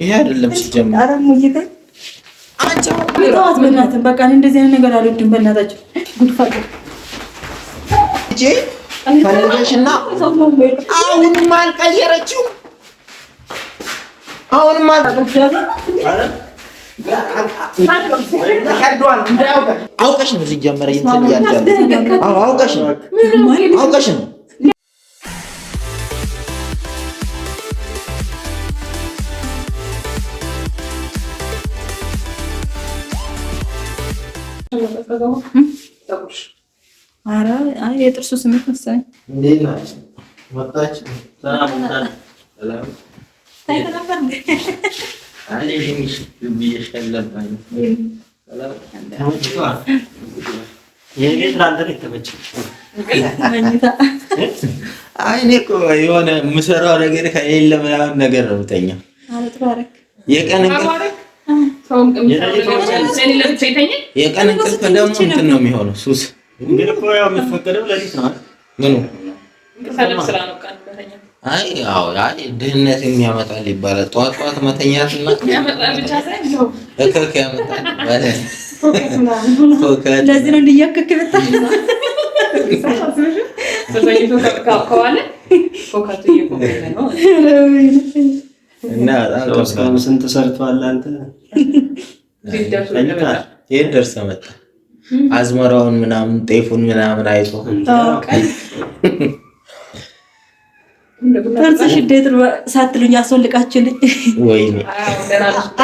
ይሄ አይደለም ሲጀምር። ኧረ ሙይታ አንቺ ተዋት በእናትህ። በቃ እንደዚህ አይነት ነገር አልወድም በእናታችሁ። ጉድፋት አሁንም አልቀየረችው። አሁንም አውቀሽ ነው ሲጀመር። አውቀሽ ነው የጥርሱ ስሜት መሰለኝ። እኔ እኮ የሆነ የምሰራው ነገር ከሌለ ምናምን ነገር ነው የምተኛው የቀን እንቅልፍ የቀን እንቅልፍ ደግሞ እንትን ነው የሚሆነው ሱስ ድህነት የሚያመጣል ይባላል። ጠዋት ጠዋት መተኛት እና ያመጣል እና በጣም ስንት ሰርቷል አንተ ይህን ደርሰ መጣ አዝመራውን ምናምን ጤፉን ምናምን አይቶ ጥርጽሽ እንዴት ሳትሉኝ አስወልቃችሁልኝ። ወይኔ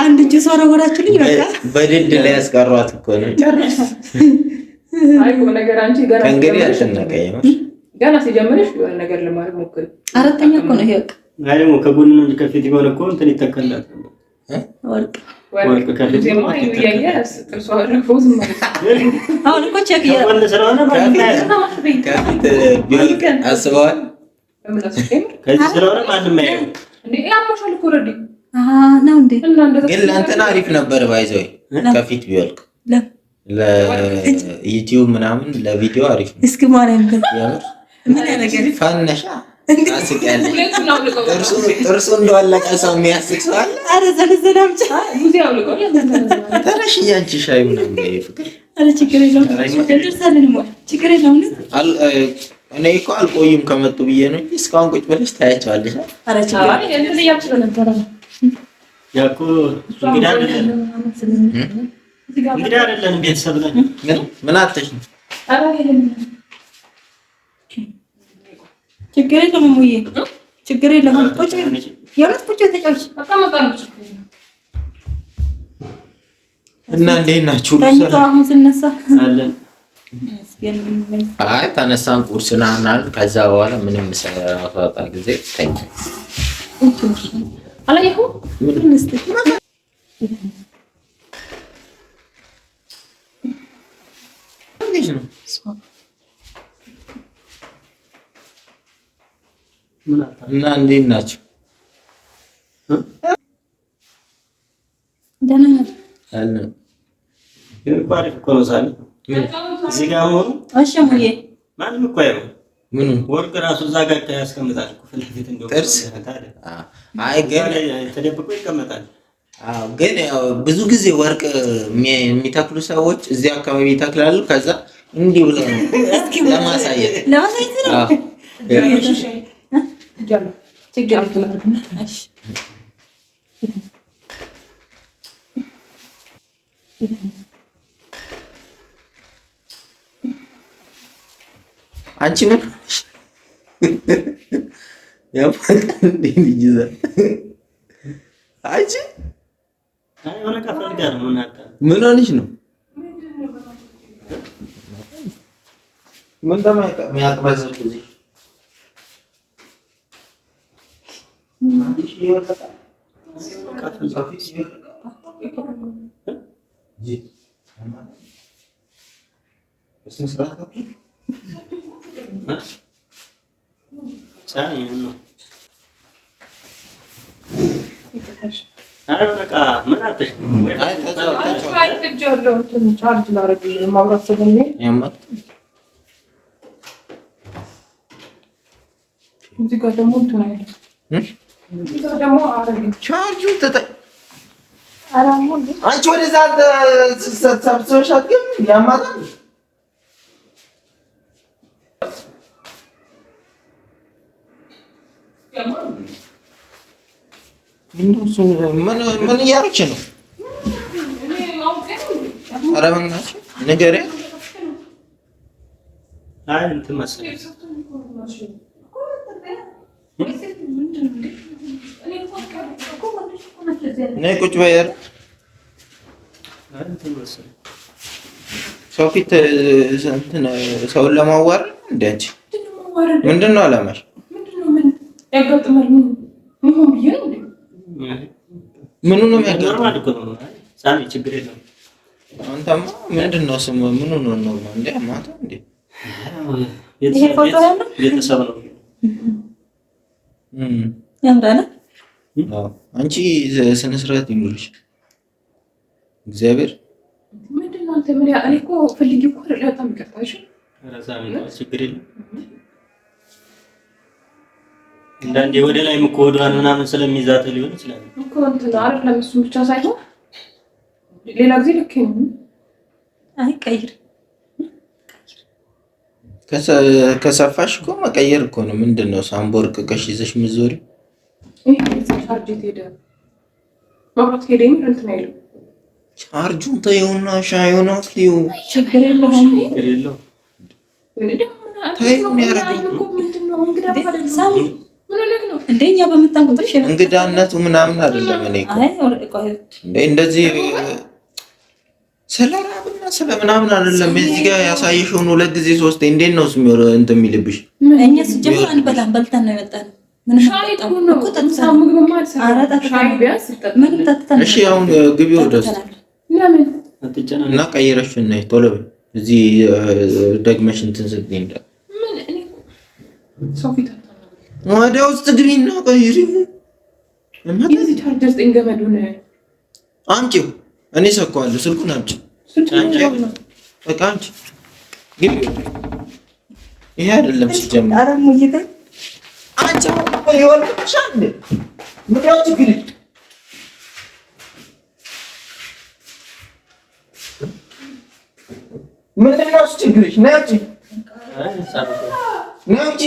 አንድ እጅ ሰወረወራችሁልኝ። በቃ በድድ ላይ ያስቀሯት እኮ ነው። ከእንግዲህ አትነቀኝ። ገና ሲጀምርሽ ነገር ለማድረግ ሞክሪ። አራተኛ እኮ ነው ይወቅ በቃ ከጎን ነው እንጂ ከፊት ቢሆን እኮ እንትን ይተከላል ወርቅ አሁን አስበዋል። አሪፍ ነበር። ባይዘይ ከፊት ቢወልቅ ለዩቲዩብ ምናምን ለቪዲዮ አሪፍ ነው። ጥርሱ እንደዋለቀ ሰው የሚያስቅ ሰው አለ። ተረሽ እያንቺ ሻይ እኔ እኮ አልቆይም ከመጡ ብዬ ነው እስካሁን ቁጭ ብለሽ ታያቸዋለሽ። ምን አተሽ ነው? ችግር የለም እሙዬ፣ ችግር የለም። ቁጭ የምት ቁጭ ተጫውች እና እንዴት ናችሁ? አሁን ስነሳ አይ ተነሳን፣ ቁርስ ናናል። ከዛ በኋላ ምንም ሰራጣ ጊዜ ተኛ ነው እና እንዴት ናቸው? ወርቅ ራሱ እዛ ጋር ያስቀምጣል። ተደብቆ ይቀመጣል። ግን ብዙ ጊዜ ወርቅ የሚተክሉ ሰዎች እዚህ አካባቢ ይተክላሉ። ከዛ እንዲህ ብለው ለማሳየት ወስጃለሁ። አንቺ ምን ምን ሆነሽ ነው? ምን እዚህ ጋር ደግሞ እንትን አይደለም አንቺ ወደዛ ሰብስበሽ አትገቢም። ያማታል። ምን እያደረግሽ ነው? ኧረ በእናትሽ ንገሪያት። አይ እንትን መሰለኝ ነይ ቁጭ በይ። ሰው ፊት ሰውን ለማዋረድ እንደ አንቺ ምንድን ነው አላማሽ? ምኑ ነው የሚያጋጥመው? ምንድን ነው ስሙ? ምኑ ነው ኖርማል አንቺ ስነ ስርዓት ይኑርሽ። እግዚአብሔር ምንድን ነው አንተ ምን ያኔ እኮ ፈልጊ እኮ ይቀርታሽ ወደ ላይ እኮ ምናምን ስለሚዛት ሊሆን ይችላል እኮ እንትን ብቻ ሳይሆን ሌላ ጊዜ ልክ ነው። ከሰፋሽ እኮ መቀየር እኮ ነው። ምንድን ነው ሳምቦ ይዘሽ ምዞሪ ቻርጅ ሄደ? መብራት ሄደ የሚል እንትን አይልም። ቻርጁ ተይውና ሻዩና አፍሊው። ችግር እንደኛ በመጣን ቁጥር እንግዳነቱ ምናምን አይደለም። እኔ እንደዚህ ስለ ራብና ስለ ምናምን አይደለም። እዚህ ጋር ያሳየሽውን ሁለት ጊዜ ሶስት እንዴት ነው ስሚሆን እንትን የሚልብሽ እኛ ስጀምር አንበላም፣ በልተን ነው የመጣነው ግቢ ወርደስ እና ቀይረሽ እና ቶሎ በይ። እዚህ ደግመሽ እንትን ስትይ ወደ ውስጥ ግቢና ቀይሪ። አምጪው፣ እኔ ስልኩን በቃ ግቢ ይሄ አይደለም ሲጀምር አንቺ ሊሆን ሻል ምክንያቱ ግን ምንድን ነው ችግርሽ? ና አንቺ ና አንቺ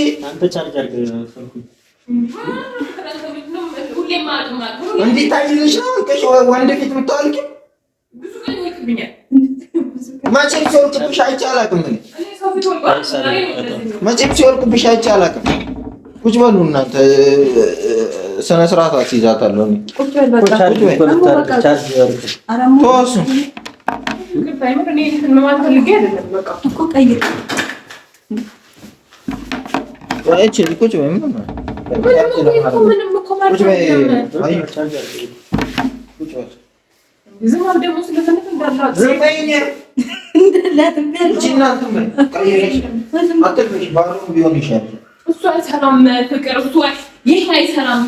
እንዲታይልሽ ነው ወንድ ፊት የምታወልቂ መቼም ሲወልቅብሽ አይቼ አላውቅም። መቼም ሲወልቅብሽ አይቼ አላውቅም። ቁጭ በሉ እናንተ፣ ስነ ስርዓት አስይዛታለሁ። ቁጭ ቢሆን ይሻላል እሱ አይሰራም። ፍቅር እሱ ይህ አይሰራም።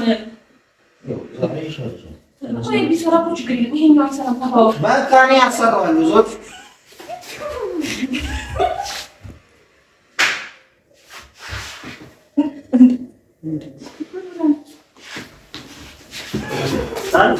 ቢሰራ እኮ ችግር የለም። ይሄኛው አይሰራም። መካኔ ያሰራዋለሁ ዞት Thank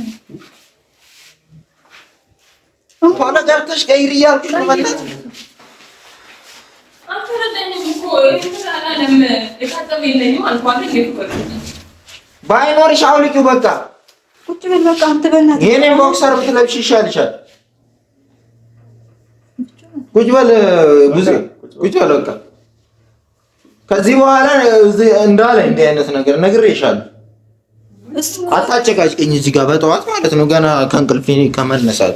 ኋላ ገብተሽ ቀይሪ እያልኩሽ ነው። በእናትሽ ባይኖርሽ አውልቂው። በቃ ቁጭ በል በቃ። አንተ በእናትህ የእኔን ቦክሰር ብትለብሽ ይሻልሻል። ቁጭ በል ብዙ ቁጭ በል በቃ። ከዚህ በኋላ እንዳለ እንዲህ አይነት ነገር ነግሬሻለሁ። አታጨቃጭቅኝ እዚህ ጋር በጠዋት ማለት ነው ገና ከእንቅልፌ ከመነሳት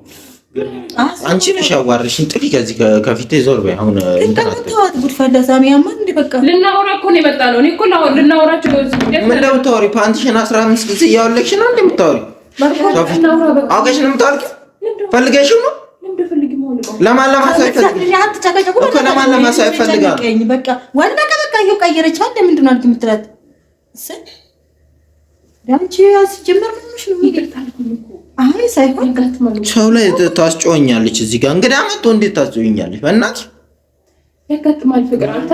አንቺ ነሽ ያዋረሽኝ። ጥፊ ከዚህ ከፊቴ ዞር በይ። አሁን ተዋት፣ ጉድፈላ ሳሚ ያማ እንደ በቃ ልናወራ እኮ ነው የመጣ ነው። እኔ እኮ ልናወራቸው ምን እንደምታወሪ ፓንቲሽን አስራ አምስት ጊዜ እያወለቅሽ ነው እንደምታወሪ አውቀሽ ነው የምታወልቂ። ፈልገሽው ነው ለማን ለማሳየት በቃ ዋና ከበቃ ቀየረች። ምንድን ነው አልክ የምትላት ነው እኮ ሰው ላይ ታስጮኛለች። እዚህ ጋር እንግዲህ አመጡ። እንዴት ታስጮኛለች? በእናት ያጋጥማል። ፍቅር አንተ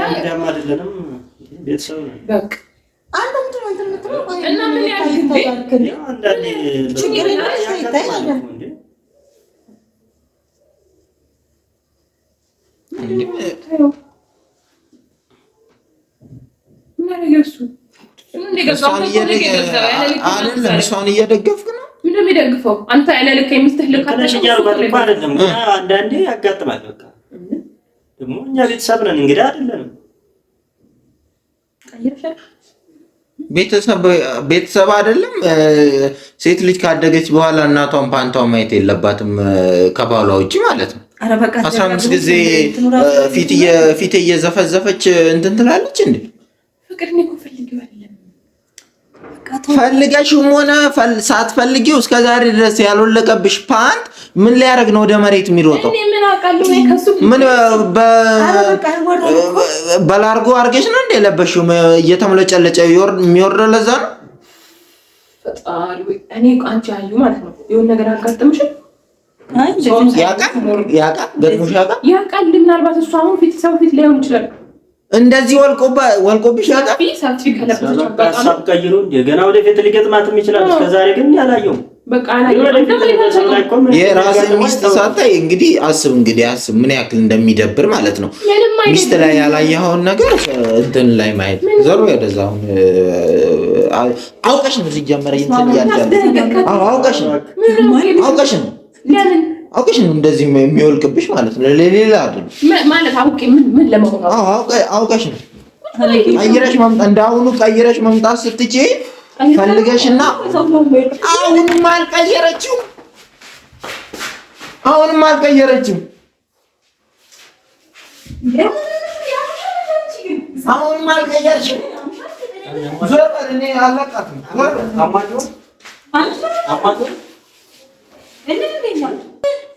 እሷን እየደገፍክ ነው ምንድን ነው የሚደግፈው? አንተ ያለ ልክ የሚስትህ ልክ አይደለም። አንዳንዴ ያጋጥማል። በቃ ደግሞ እኛ ቤተሰብ ነን፣ እንግዲህ አይደለንም። ቤተሰብ አይደለም። ሴት ልጅ ካደገች በኋላ እናቷን ፓንቷን ማየት የለባትም ከባሏ ውጭ ማለት ነው። አስራ አምስት ጊዜ ፊት እየዘፈዘፈች እንትን ትላለች እንዴ! ፈልገሽም ሆነ ሳትፈልጊው እስከ ዛሬ ድረስ ያልወለቀብሽ ፓንት ምን ሊያደርግ ነው ወደ መሬት የሚሮጠው? ምን በላርጎ አድርገሽ ነው እንዴ የለበሽው እየተመለጨለጨ የሚወርደ ለዛ ነው። እኔ አንቺ ያዩ ማለት ነው የሆነ ነገር አጋጥምሽ ያውቃል፣ ገጥሞሽ ያውቃል፣ ያውቃል። ምናልባት እሱ አሁን ፊት ሰው ፊት ላይሆን ይችላል እንደዚህ ወልቆባ ወልቆብሽ ያውቃል። ሀሳብ ቀይሮ ገና ወደፊት ሊገጥማትም ይችላል። እስከዛሬ ግን ያላየውም የራስን ሚስት ሳታይ እንግዲህ አስብ እንግዲህ አስብ ምን ያክል እንደሚደብር ማለት ነው። ሚስት ላይ ያላየኸውን ነገር እንትን ላይ ማየት ዘሮ ወደዛ አውቀሽ ነው ሲጀመረ እንትን ያለ አውቀሽ ነው አውቀሽ ነው ለምን አውቀሽ ነው እንደዚህ የሚወልቅብሽ ማለት ነው። ለሌላ አይደል ማለት አውቄ ምን ለመሆን አውቀሽ ነው ቀይረሽ መምጣት እንዳሁኑ ቀይረሽ መምጣት ስትጪ ፈልገሽና አሁንም አልቀየረችው አሁንም አልቀየረችው አሁንም አልቀየረችው። ዞር በል እኔ አላቃትም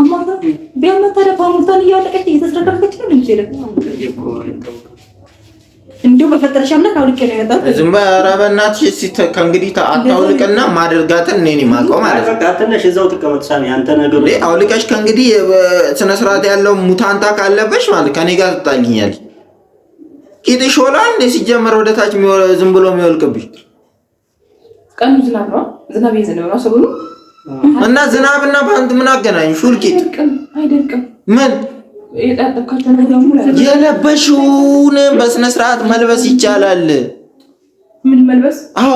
አማራ ቢያመት ታዲያ እያወለቀች እየተስረከረከች ነው እንዲሁ በፈጠረሽ አምላክ አውልቄ ነው ያጣ። ዝም በይ ኧረ በእናትሽ እስኪ ከእንግዲህ አታውልቅና እኔ የማውቀው ማለት ነው። አውልቀሽ ከእንግዲህ ስነ ስርዓት ያለው ሙታንታ ካለበሽ ማለት ጋር ትጣልኛለሽ። ቂጥሽ እንደ ሲጀመር ወደታች ዝም ብሎ የሚወልቅብሽ ቀኑ ዝናብ ነው። ዝናብ እየዘነበ ነው ሰሞኑን እና ዝናብና ባንት ምን አገናኝ? ሹልኪት ምን የለበሽውን በስነ ስርዓት መልበስ ይቻላል። ምን መልበስ? አዎ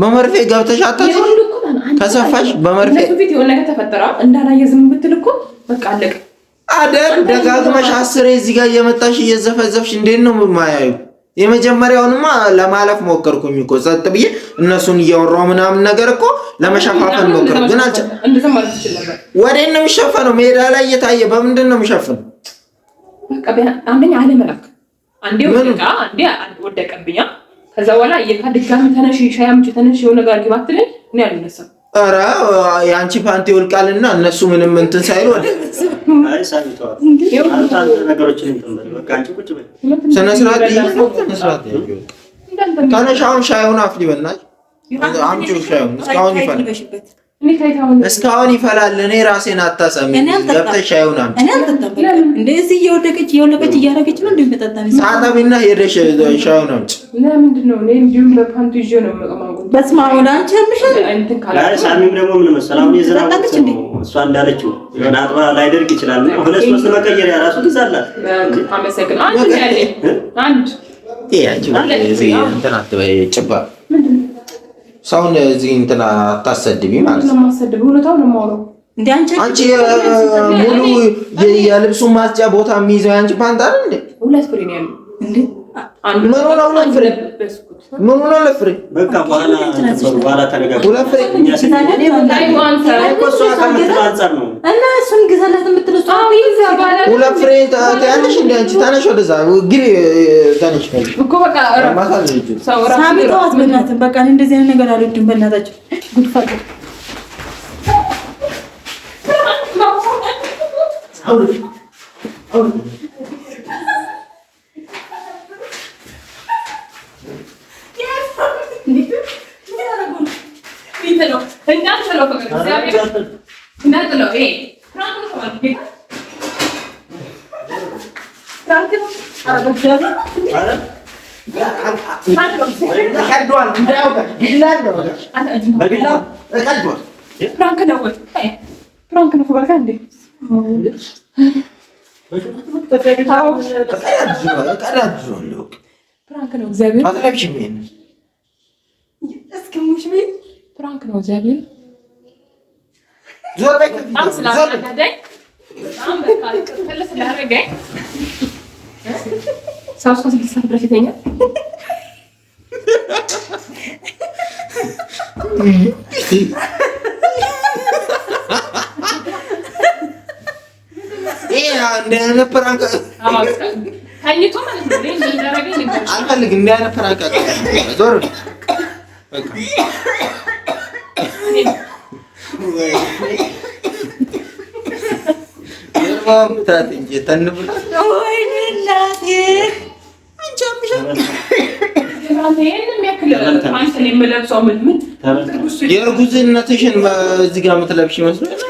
በመርፌ ገብተሽ አታች ከሰፋሽ በመርፌ እንዳላየ ዝም በቃ አደር ደጋግመሽ አስሬ እዚህ ጋር እየመጣሽ እየዘፈዘፍሽ እንዴት ነው ማያዩ የመጀመሪያውንማ ለማለፍ ሞከርኩኝ እኮ ጸጥ ብዬ እነሱን እያወራሁ ምናምን ነገር እኮ ለመሸፋፈን ሞከር፣ ግን አልቻ ወዴት ነው የሚሸፈነው? ሜዳ ላይ እየታየ በምንድን ነው የሚሸፍነው? አንደኛ አለመላክ፣ አንዴ ወደቃ፣ አንዴ ወደቀብኛ። ከዛ በኋላ ድጋሚ ተነሽ፣ ሻይ ተነሽ፣ የሆነ ጋር ግባት ላይ እኔ አልነሳም ኧረ የአንቺ ፓንት ይወልቃልና እነሱ ምንም እንትን ሳይሉ ስነ ስርዓት ተነሽ። አሁን ሻዩን አፍሊ በናትሽ፣ አምጪው ሻዩን እስካሁን ይፈልግ እስካሁን ይፈላል። እኔ ራሴን አታሰሚ ገብተሽ አይሆናል። እንደዚህ እየወደቀች እየወለቀች እያደረገች ነው እንደሚጠጣ ሳታቢና ሄደሽ ሻዩን አምጪ። ለምንድን ነው እንዲሁም ለፓንቱ ይዤ ነው በስመ አብ ወደ አንቺ ያምሻል። ሳሚም ደግሞ ምን መሰለህ አሁን የዝናብ ወቅት ነው። እሷ እንዳለችው የሆነ አጥባ ላይደርቅ ይችላል። ሁለት ሶስት መቀየሪያ ራሱ ጊዜ አላት። አመሰግናለሁ። አንድ አትበይ ጭባ ሰውን እዚህ እንትን አታሰድቢ ማለት ነው። አንቺ ሙሉ የልብሱን ማስጫ ቦታ የሚይዘው አንቺ ፓንታ ምን ሆነው ነው ፍሬ? ምን ሆነው ነው ፍሬ? በቃ በኋላ ሁለት ፍሬ ታያለሽ። እንደ አንቺ ታነሽ ወደዛ ግሪ ታነሽ እኮ በቃ ሳሚ ተዋት በእናትህ። በቃ እንደዚህ አይነት ነገር አልወድም በእናታቸው ጉድፋት አሁን እንዳትለው ፍራንክ ነው በቃ እንዴ ፍራንክ ነው እግዚአብሔር ፍራንክ ነው። እግዚአብሔር ዞር በይ። በጣም ስላናደደኝ በጣም በቃ ቅጥል ስላደረገኝ ሰው ሰው ስድስት ሰዓት ድረስ ይተኛል። አልፈልግም እንዲህ ዓይነት ፍራንክ የማምታት እንጂ ተንብላ ወይኔ እናቴ የእርጉዝነትሽን እዚህ ጋ የምትለብሽ ይመስላል።